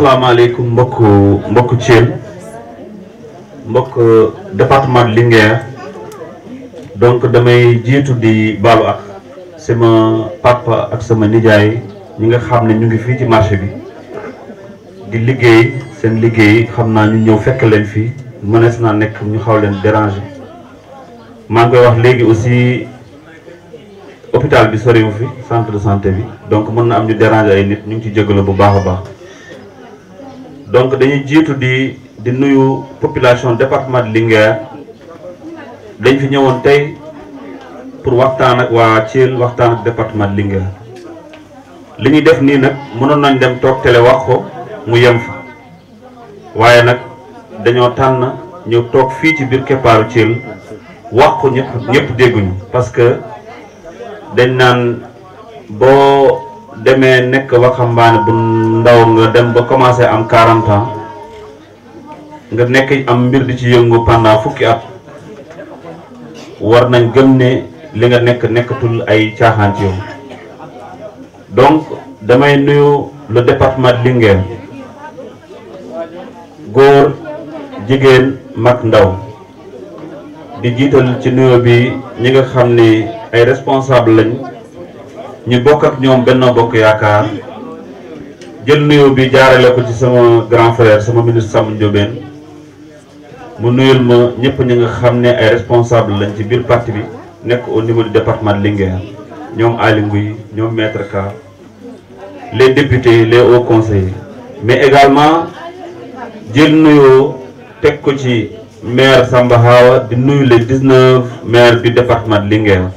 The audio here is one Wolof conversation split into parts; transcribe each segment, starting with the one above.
asalaamaaleykum mbokk mbokk Thiel mbokk département de donc damay jiitu di baalu ak sama papa ak sama nijaay ñi nga xam ne ñu ngi fii ci marché bi di liggéey seen liggéey xam naa ñu ñëw fekk leen fii mënees naa nekk ñu xaw leen déranger maa ngi koy wax léegi aussi hôpital bi soriwu fi centre de santé bi donc mën na am ñu déranger ay nit ñu ngi ci jégalu bu baaxu baax donc dañuy jiitu di di nuyu population département de dañ fi ñëwoon tey pour waxtaan ak waa Thiel waxtaan ak département de li ñuy def nii nag mënoon nañ dem toog télé wax ko mu yem fa waaye nag dañoo tànn ñëw toog fii ci biir keppaaru Thiel wax ko ñëpp ñëpp dégguñu parce que dañ naan boo demee nekk waxambaane bu ndaw nga dem ba commencé am 40 nga nekk am mbir di ci yëngu pendant fukki at war nañ gëm ni li nga nekk nekkatul ay caaxaan ci donc damay nuyu le département de Linguère góor jigéen mag ndaw di jiital ci nuyu bi ñi nga xam ni ay responsable lañ ñu bokk ak ñoom Benno Bokk Yaakaar jël nuyoo bi jaarale ko ci sama grand frère sama ministre Samba Ndiobène mu nuyul ma ñëpp ñi nga xam ne ay responsable lañ ci biir parti bi nekk au niveau du département de Linguère ñoom Aly Ngouille ñoom maître Ka les députés les hauts conseillers mais également jël nuyoo teg ko ci maire Samba Hawa di nuyu les 19 maires du département de Linguère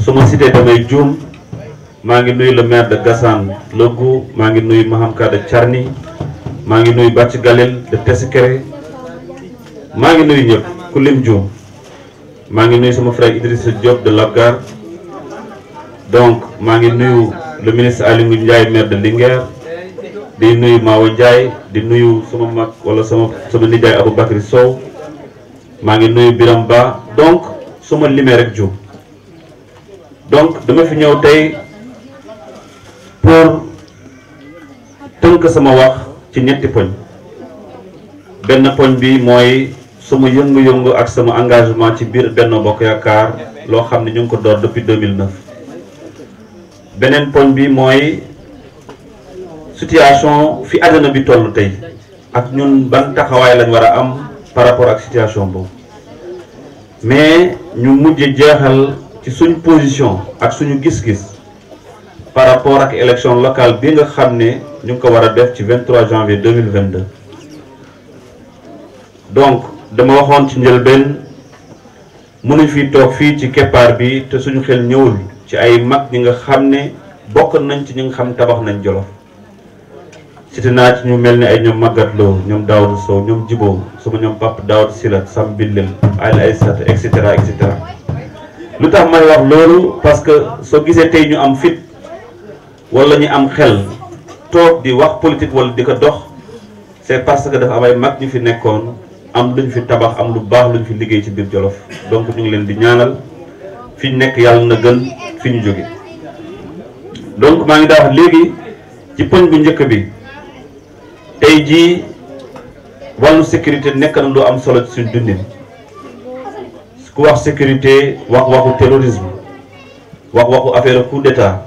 su ma cité damay juum maa ngi nuyu le maire de Gassane Logou maa ngi nuyu Mahamka de Thiarny maa ngi nuyu Bàcc Galel de Tessikere maa ngi nuyu ñëpp ku lim juum maa ngi nuyu sama frère Idrissa Diop de Labgar donc maa ngi nuyu le ministre Aliou Ndiaye maire de Linguère di nuyu Mawa Ndiaye di nuyu sama mag wala sama sama nijaay Aboubacry Sow maa ngi nuyu Biram Ba donc su ma limee rek juum donc dama fi ñëw tey pour tënk sama wax ci ñetti poñ benn poñ bi mooy sama yëngu-yëngu ak sama engagement ci biir Benno Bokk Yaakaar loo xam ne ñu ngi ko door depuis 2009 beneen poñ bi mooy situation fi àddina bi toll tey ak ñun ban taxawaay lañ war a am par rapport ak situation boobu mais ñu mujj jeexal ci suñ position ak suñu gis-gis par rapport ak élection locale bi nga xam ne ñu ngi ko war a def ci 23 janvier 2022 donc dama waxoon ci njëlbeen ne fi toog fii ci keppaar bi te suñu xel ñëwul ci ay mag ñi nga xam ne bokk nañ ci ñi nga xam tabax nañ Jolof cité naa ci ñu mel ni ay ñoom Maguette Lo ñoom Daoud Sow ñoom Djibo sama ñoom Pape Daoud Sylla Sam Billel Al Aïssat et cetera et cetera lu tax may loolu parce que soo gisee tey ñu am fit wala ñu am xel toog di wax politique walla di ko dox c'est parce que dafa am ay mag ñu fi nekkoon am lu ñu fi tabax am lu baax lu ñu fi liggéey ci biir Jolof donc ñu ngi leen di ñaanal fi nekk yàlla na gën fi ñu jóge donc maa ngi daa wax léegi ci poñ bu njëkk bi tey jii wàllu sécurité nekk na lu am solo ci suñ dundin ku wax sécurité wax waxu terrorisme wax waxu affaire coup d'état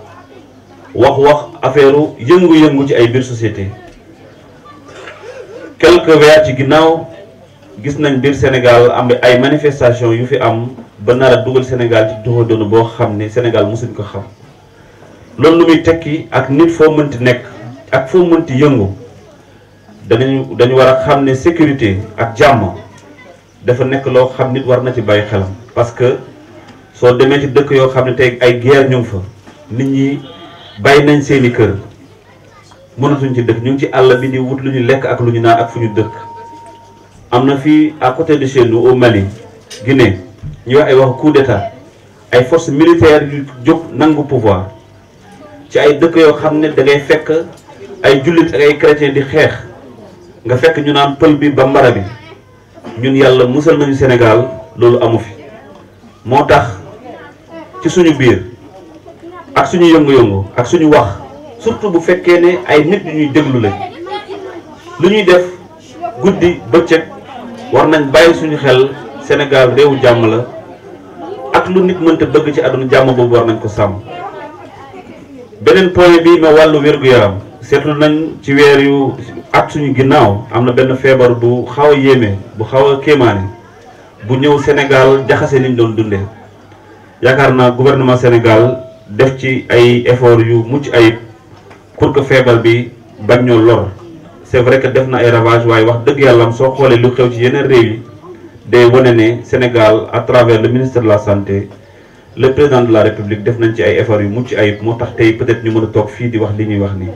wax-wax affaire yëngu-yëngu ci ay biir société quelques weer ci ginnaaw gis nañ biir Sénégal am ay manifestation yu fi am ba nar dugal Sénégal ci doxa doonu boo xam ne Sénégal mosuñ ko xam loolu lu muy tekki ak nit foo mënti nekk ak foo mënti yëngu danañu dañu war a xam ne sécurité ak jàmm dafa nekk loo xam nit war na ci bàyyi xelam parce que soo demee ci dëkk yoo xam ne tey ay guerre ñu fa nit ñi bàyyi nañ seeni kër mënatuñ ci dëkk ñu ci àll bi di wut lu ñu lekk ak lu naan ak fu ñu dëkk am na fi à côté de chez nous au Mali Guinée ñu wax ay wax coup d'état ay forces militaires yu jóg nangu pouvoir ci ay dëkk yoo xam ne dangay fekk ay jullit ak ay chrétien di xeex nga fekk ñu naan pël bi bambara bi ñun yàlla musal nañu Sénégal loolu amu fi moo tax ci suñu biir ak suñu yëngu-yëngu ak suñu wax surtout bu fekkee ne ay nit ñuy déglu la lu ñuy def guddi bëccëg war nañ bàyyi suñu xel senegal réewu jàmm la ak lu nit mënta bëgg ci àdduna jàmm boobu war nañ ko sàmm. beneen point bi ma wàllu wér-gu-yaram seetlu nañ ci weer yu at suñu ginnaaw am na benn feebar bu xaw a yéeme bu xaw a kéemaane bu ñëw Sénégal jaxase niñ doon dundee yaakaar naa gouvernement Sénégal. def ci ay effort yu mucc ayib pour que feebar bi bañ ñoo lor c'est vrai que def na ay ravage waaye wax dëgg yàlla soo xoolee lu xew ci yeneen réew yi day wane ne Sénégal à travers le ministre la santé le président de la république def nañ ci ay efforts yu mucc ayib moo tax tey peut-être ñu mën a toog fii di wax li ñuy wax ni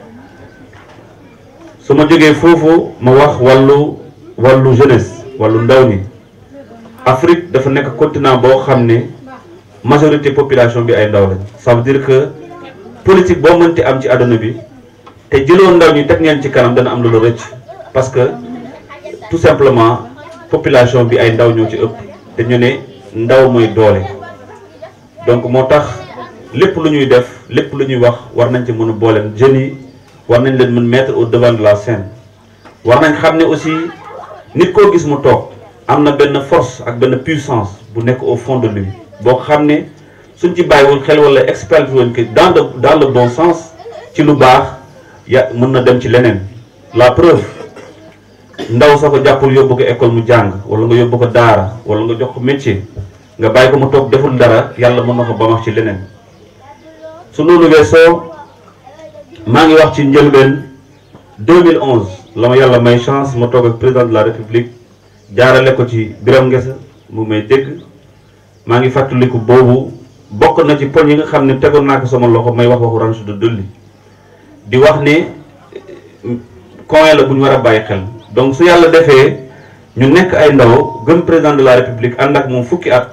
su ma jógee foofu ma wax wàllu wàllu jeunesse wàllu ndaw ni Afrique dafa nekk continent boo xam ne. majorité population bi ay ndaw lañ ça dire que politique boo mënti am ci àdduna bi te jëloon ndaw ñi teg ngeen ci kanam dana am lu la rëcc parce que tout simplement population bi ay ndaw ñoo ci ëpp te ñu ne ndaw mooy doole donc moo tax lépp lu ñuy def lépp lu ñuy wax war nañ ci mën a boole jeunes yi war nañ leen mën mettre au devant la scène war nañ xam ne aussi nit koo gis mu toog am na benn force ak benn puissance bu nekk au fond de lui boo xam ni suñ ci bàyyiwul xel wala expert woon que dans le dans le bon sens ci lu baax ya mën na dem ci leneen la preuve ndaw sa ko jàppul yóbbu ko école mu jàng wala nga yóbbu ko daara wala nga jox ko métier nga bàyyi ko mu toog deful dara yàlla mën na ko bamax ci leneen su loolu weesoo maa ngi wax ci njëlbeen 2011 la ma yàlla may chance ma toog ak président de la république jaarale ko ci Biram Ngesa mu may dégg maa ngi fàttaliku boobu bokk na ci poñ yi nga xam ne tegoon naa ko sama loxo may wax waxu Ranch de Dolly di wax ni coin la bu ñu war a bàyyi xel donc su yàlla defee ñu nekk ay ndaw gën président de la république ànd ak moom fukki at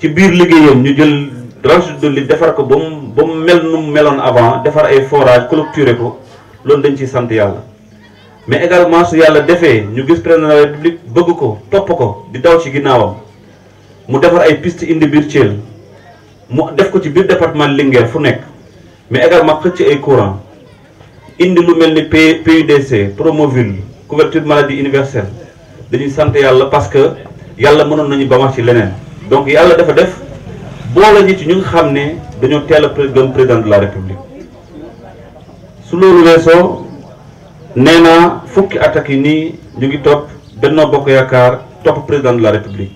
ci biir liggéeyam ñu jël Ranch de Dolly defar ko ba mu ba mu mel nu mu meloon avant defar ay forage clôturé ko loolu dañ ciy sant yàlla mais également su yàlla defee ñu gis président de la république bëgg ko topp ko di daw ci ginnaawam mu defar ay piste indi biir Thiel mu def ko ci biir département Linguère fu nekk mais également xëcc ay courant indi lu mel ni PUDC Promoville couverture maladie universelle dañuy sant yàlla parce que yàlla mënoon nañu ba ci leneen donc yàlla dafa def boole ñi ci ñu nga xam ne dañoo teel a gëm président de la république su loolu weesoo nee naa fukki attaques yi nii ñu ngi topp Benno Bokk Yaakaar topp président de la république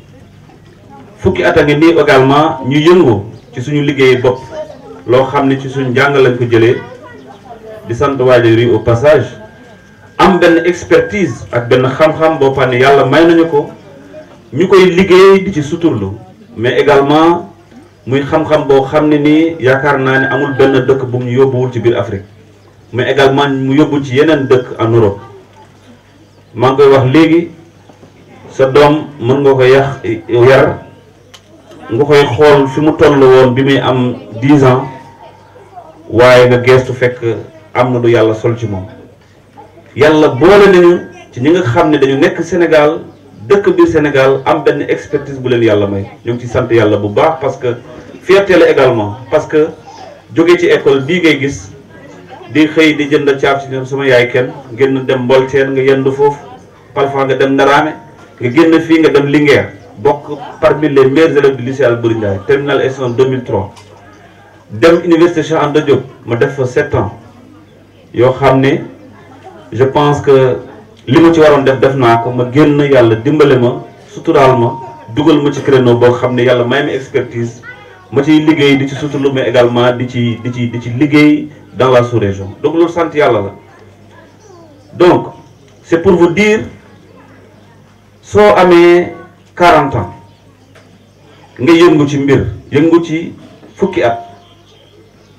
fukki at a ngi nii également ñu yëngu ci suñu liggéey bopp loo xam ne ci suñu jàng lañ ko jëlee di sant waajur yi au passage am benn expertise ak benn xam-xam boo xam yàlla may nañu ko ñu koy liggéey di ci suturlu mais également muy xam-xam boo xam ne nii yaakaar naa ni amul benn dëkk bu mu yóbbuwul ci biir Afrique mais également mu yóbbu ci yeneen dëkk en Europe maa ngi koy wax léegi sa doom mën nga ko yàq yar nga koy xool fi mu toll woon bi muy am dix ans waaye nga geestu fekk am na lu yàlla sol ci moom yàlla boole nañu ci ñi nga xam ne dañu nekk Sénégal dëkk bi Sénégal am benn expertise bu leen yàlla may ñoom ci sant yàlla bu baax parce que fierté la également parce que jóge ci école bii ngay gis di xëy di jënd caab ci ñoom sama yaay kenn génn dem mbolteen nga yendu foofu parfois nga dem ndaraame nga génn fii nga dem Linguère bokk parmi les meilleurs élèves du lycée Alboury Ndiaye terminal S1 2003 dem université Cheikh Anta Diop ma def fa sept ans yoo xam ne je pense que li ma ci waroon def def naa ko ma génn yàlla dimbale ma suturaal ma dugal ma ci créneau boo xam ne yàlla may ma expertise ma ciy liggéey di ci suturlu mais également di ci di ci di ci liggéey dans la sous-région sant yàlla la donc c'est pour vous dire soo amee 40 ans nga yëngu ci mbir yëngu ci fukki at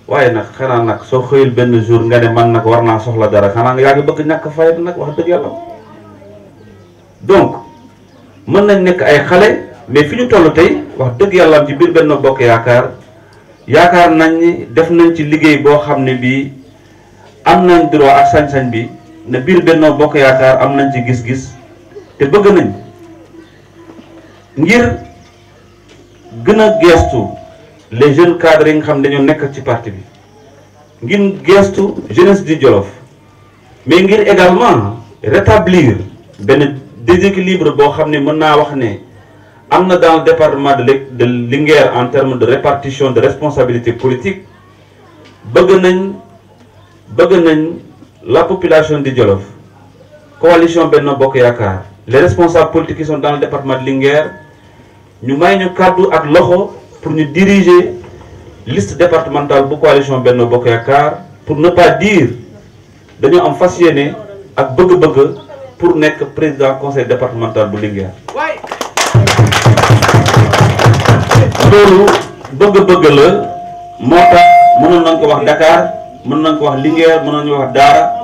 waaye nag xanaa nag soo xëyul benn jour nga ne man nag war naa soxla dara xanaa yaa ngi bëgg ñàkk fayda nag wax dëgg yàlla donc mën nañ nekk ay xale mais fi ñu toll tey wax dëgg yàlla ci biir benn bokk yaakaar yaakaar nañ ni def nañ ci liggéey boo xam ne bii am nañ droit ak sañ-sañ bi ne biir benn bokk yaakaar am nañ ci gis-gis te bëgg nañ ngir gën a geestu les jeunes cadres yi nga xam ne dañoo nekk ci parti bi ngir geestu jeunesse di Jolof mais ngir également rétablir benn déséquilibre boo xam ne mën naa wax ne am na dans le département de de Linguère en termes de répartition de responsabilité politique bëgg nañ bëgg nañ la population du Jolof coalition benn Bokk Yaakaar les responsables politiques qui sont dans le département de Linguère ñu may ñu kàddu ak loxo pour ñu diriger liste départementale bu coalition Benno Bokk Yaakaar pour ne pas dañu am fas yéene ak bëgg-bëgg pour nekk président conseil départemental bu Linguère loolu bëgg-bëgg la moo tax mënoon nañ ko wax Dakar na nañ ko wax Linguère mënoon nañu wax Daara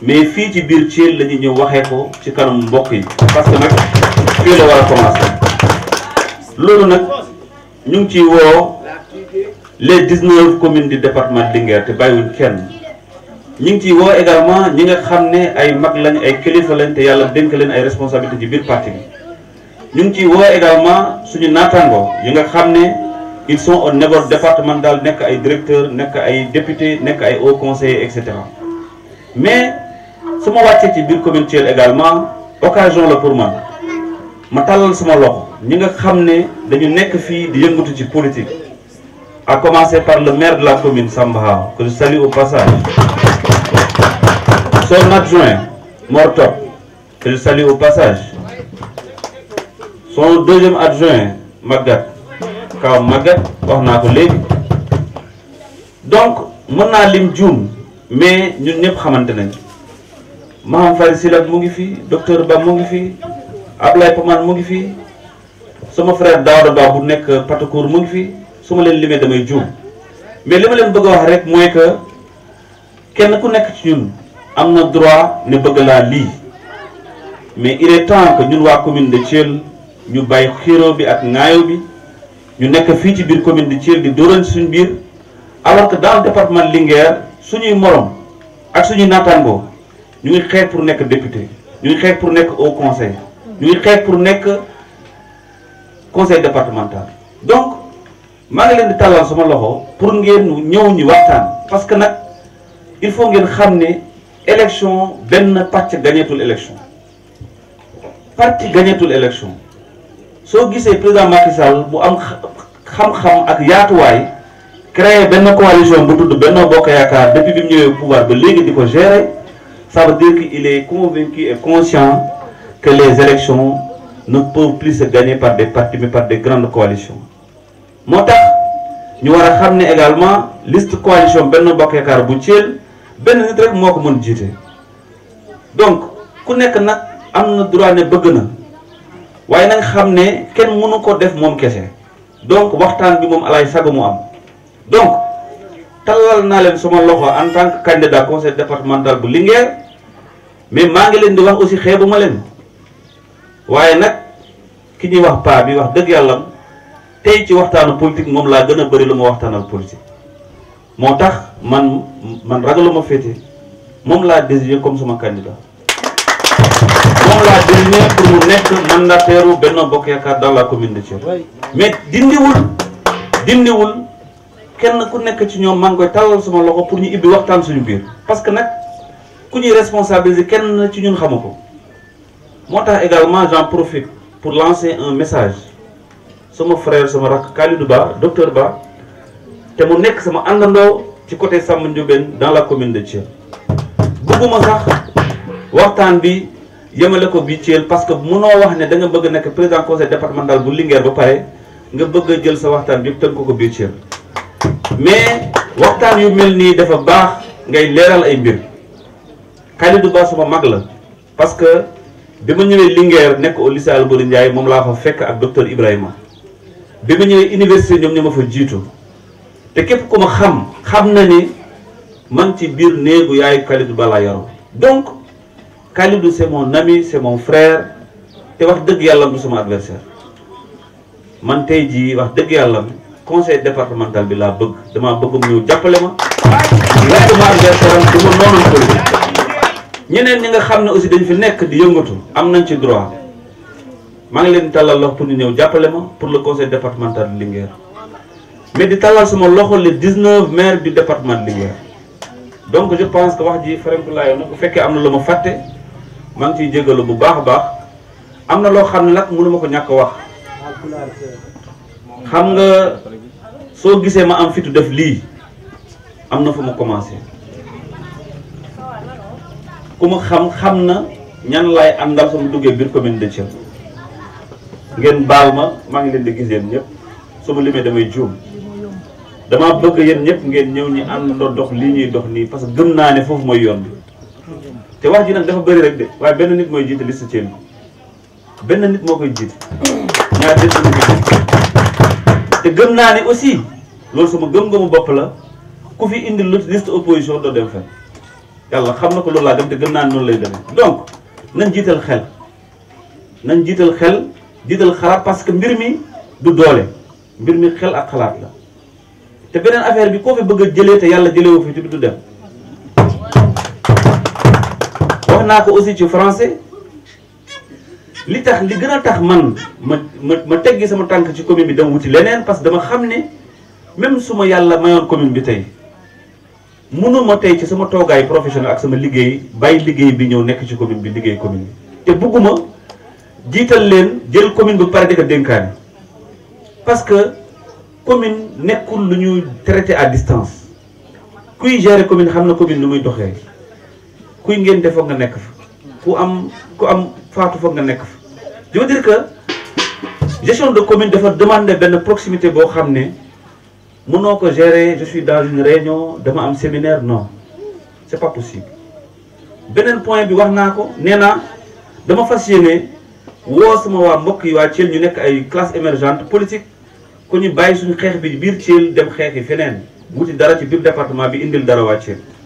mais fii ci biir Thiel la ñu ñëw waxee ko ci kanam mbokk yi parce que nag fii la war a commencer loolu nag ñu ngi ciy woo les 19 communes du département Linguère te bàyyiwuñ kenn ñu ngi ciy woo également ñi nga xam ne ay mag lañ ay kilifa lañ te yàlla dénk leen ay responsabilité ci biir parti bi ñu ngi ciy woo également suñu naataango yi nga xam ne ils sont au niveau daal nekk ay directeur nekk ay député nekk ay haut conseiller et cetera su ma wàccee ci biir commune Thiel également occasion la pour man ma tàllal suma loxo ñi nga xam ne dañu nekk fii di yëngatu ci politique à commencer par le maire de la commune Samba que je salue au passage son adjoint Mor Top que je salue au passage son deuxième adjoint Magat Kaw Magat wax naa ko léegi donc mën naa lim juum mais ñun ñëpp xamante nañ Maham Faye Silat mu ngi fii docteur Ba mu ngi fi Ablaye Pamane mu ngi fi sama frère Daouda Ba bu nekk Patacour mu ngi fi su ma leen limee damay juum mais li ma leen bëgg wax rek mooy que kenn ku nekk ci ñun am na droit ne bëgg laa lii mais il est temps ñun waa commune de Thiel ñu bàyyi xiiroo bi ak ŋaayo bi ñu nekk fii ci biir commune de Thiel di dóoran suñu biir alors que dans le département suñuy morom ak suñuy naataangoo. ñu ngi xeex pour nekk député ñu ngi xeex pour nekk au conseil ñu ngi pour nekk conseil départemental donc maa ngi leen di tàllal sama loxo pour ngeen ñëw ñu waxtaan parce que nag il faut ngeen xam ne élection benn pàcc gañeetul élection parti gañeetul élection soo gisee président Macky Sall bu am xam-xam ak yaatuwaay créé benn coalition bu tudd Benno Bokk Yaakaar depuis bi ñëwee pouvoir ba léegi di ko gérer Ça veut dire qu'il est convaincu et conscient que les élections ne pour plus se par des partis, mais par des grandes coalitions. moo tax ñu war a xam ne également liste coalition Benno Bokk Yaakaar bu Thiel benn nit rek moo ko mën jiite donc ku nekk nag am na droit ne bëgg na waaye nag xam ne kenn mënu ko def moom kese donc waxtaan bi moom alay sago mu am donc tallal naa leen suma loxo en tant que candidat conseil départemental bu Linguère mais maa ngi leen di wax aussi xeebu ma leen waaye nag ki ñuy wax paa bi wax dëgg yàllam tey ci waxtaanu politique moom laa gën a bëri lu ma waxtaanal politique moo tax man man ma féete moom laa désigné comme suma candidat moom laa désigné pour mu nekk mandataire Benno Bokk Yaakaar dans la commune de mais dindiwul dindiwul kenn ku nekk ci ñoom maa ngi koy tàllal sama loxo pour ñu ibbi waxtaan suñu biir parce que nag ku ñuy responsabiliser kenn ci ñun xamu ko moo tax également j'en profite pour lancer un message suma frère sama rakk Khalidou Ba docteur Ba te mu nekk sama àndandoo ci côté Samba Ndiobène dans la commune de Thiel bëgguma sax waxtaan bi yemale ko bi Thiel parce que mënoo wax ne da nga bëgg nekk président conseil départemental bu Linguère ba pare nga bëgg a jël sa waxtaan bi tënk ko biir Thiel mais waxtaan yu mel nii dafa baax ngay leeral ay mbir Khalidou Ba sama mag la parce que bi ma ñëwee Linguère nekk au lycée Alboury moom laa fa fekk ak docteur Ibrahima bi ma ñëwee université ñoom ñoo ma fa jiitu te képp ku ma xam xam na ni man ci biir néegu yaayu Khalidou Ba laa yoroon donc Khalidou c'est mon ami c'est mon frère te wax dëgg yàlla du sama adversaire man tey jii wax dëgg yàlla. conseil départemental bi laa bëgg damaa bëgg mu ñëw jàppale ma wétumaa ngeekoram du ma noonul politique ñeneen ñi nga xam ne aussi dañu fi nekk di yëngatu am nañ ci droit maa ngi leen di tàllal loxo pour ñu ñëw jàppale ma pour le conseil départemental de Linguère mais di tàllal sama loxo les 19 maires du département de Linguère donc je pense que wax ji faramkulaayoo na bu fekkee am na lu ma fàtte maa ngi ciy jégalu bu baax a baax am na loo xam ne nag mënu ma ko ñàkk wax xam nga soo gisee ma am fitu def lii am na fu ma commencé ku ma xam xam na ñan laay àndal sama duggee biir commune de Thiel ngeen baal ma maa ngi leen di gis yéen ñëpp su ma limee damay juum dama bëgg yéen ñëpp ngeen ñëw ñi àndandoo dox lii ñuy dox nii parce que gëm naa ne foofu mooy yoon bi te wax ji nag dafa bëri rek de waaye benn nit mooy jiite liste Thiel benn nit moo koy jiite ñaar nit te gën naa ne aussi loolu sama gëm-gëmu bopp la ku fi indi lu liste opposition doo dem fen yàlla xam na ko loolu laa dem te gën naa ne noonu lay demee donc nañ jiital xel nañ jiital xel jiital xalaat parce que mbir mi du doole mbir mi xel ak xalaat la te beneen affaire bi koo fi bëgg a jëlee te yàlla jëlewu fii du dem wax naa ko aussi ci français li tax li gën a tax man ma ma ma teggi sama tànk ci commune bi dama wuti leneen parce que dama xam ne même su ma yàlla mayoon commune bi tey mënuma tey ci sama toogaay professionnel ak sama liggéey bàyyi liggéey bi ñëw nekk ci commune bi liggéey commune bi. te bugguma jiital leen jël commune bi pare di ko dénkaani parce que commune nekkul lu ñuy traité à distance kuy gérer commune xam na commune lu muy doxee kuy ngeen def foog nga nekk fa ku am ku am faatu foog nga nekk je que gestion de commune dafa demander benn proximité boo xam ne mënoo ko gérer je suis dans une réunion dama am séminaire non c'est pas possible beneen point bi wax naa ko nee dama fas yéene woo sama waa mbokk yi waa Thiel ñu nekk ay classe émergente politique ku ñu bàyyi suñu xeex bi biir Thiel dem xeex yi feneen wuti dara ci biir département bi indil dara waa Thiel